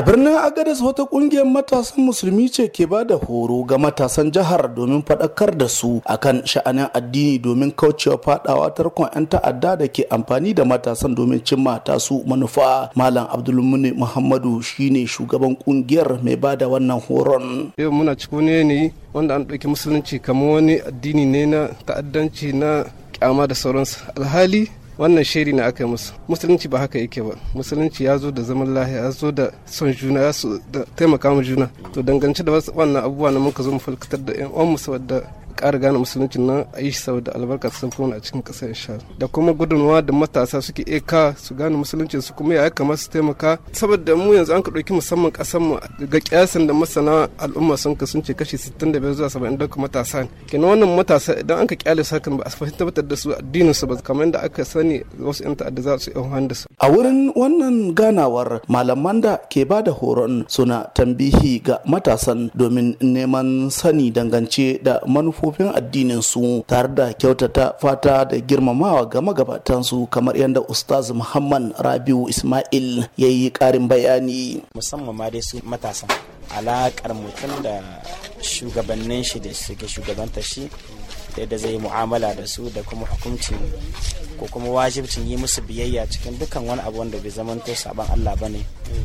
A birnin Agadez wata kungiyar matasan musulmi ce ke ba da horo ga matasan jihar domin faɗakar da su akan sha'anin addini domin kaucewa fadawa tarkon 'yan ta'adda da ke amfani da matasan domin cimma su manufa. Malam Abdulmuni Muhammadu shine shugaban kungiyar mai ba da wannan horon. Yau muna ne ne wanda an ɗauki musulunci kamar wani addini ne na ta'addanci na kyama da sauransu. Alhali wannan shiri na aka yi musu musulunci ba haka yake ba musulunci ya zo da zaman lahiya ya zo da son juna ya so da taimaka mu juna to dangance da wannan abubuwa na muka zo mu falkatar da yan uwan musu wadda. ƙara gane musulunci na a sau da albarka sun fi a cikin ƙasa insha da kuma gudunmawa da matasa suke eka su gane musulunci su kuma ya kamar su taimaka saboda mu yanzu an ka ɗauki musamman ƙasar mu ga kiyasin da masana al'umma sun ka sun ce kashi 65 zuwa 70 da matasa ne kenan wannan matasa idan an ka kyale su hakan ba a fahimtar da su addinin su ba kamar yadda aka sani wasu 'yan ta'adda za su yi da su a wurin wannan ganawar malaman da ke ba da horon suna tambihi ga matasan domin neman sani dangance da manufofi manufofin addinin su tare da kyautata fata da girmamawa ga magabatan su kamar yadda ustaz muhammad rabiu ismail ya yi karin bayani musamman ma dai su matasan alakar mutum da shugabannin shi da suke shugabantar shi da zai mu'amala da su da kuma hukunci ko kuma wajibcin yi musu biyayya cikin dukan wani abu wanda bai zamanto saban Allah bane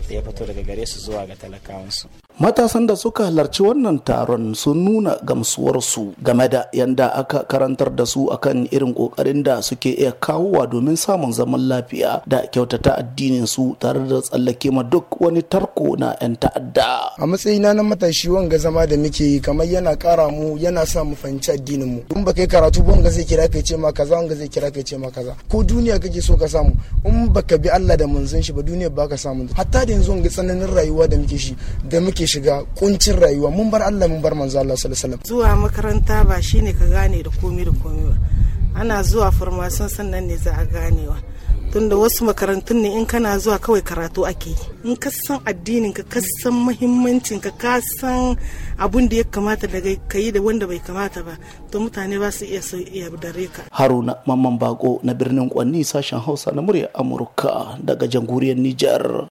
da ya fito daga gare su zuwa ga talakawansu matasan da suka halarci wannan taron sun nuna gamsuwarsu game da yadda aka karantar da su akan irin kokarin da suke iya kawowa domin samun zaman lafiya da kyautata addinin su tare da tsallake ma duk wani tarko na 'yan ta'adda a matsayina na matashi wanga zama da muke yi kamar yana kara mu yana sa mu fahimci addinin mu in baka yi karatu ba wanga zai kira ka ce ma kaza wanga zai kira ka ce ma kaza ko duniya kake so ka samu in baka bi Allah da manzon shi ba duniya baka samu hatta da yanzu wanga tsananin rayuwa da muke shi da muke ake shiga kuncin rayuwa mun bar Allah mun bar manzo Allah sallallahu alaihi wasallam zuwa makaranta ba shine ka gane da komai da komai ba ana zuwa farmasin sannan ne za a ganewa tunda wasu makarantun ne in kana zuwa kawai karatu ake yi in ka san addinin ka ka san muhimmancin ka ka san abun da ya kamata da ka yi da wanda bai kamata ba to mutane ba su iya so iya dare ka haruna mamman bako na birnin kwanni sashen hausa na murya amurka daga jamhuriyar nijar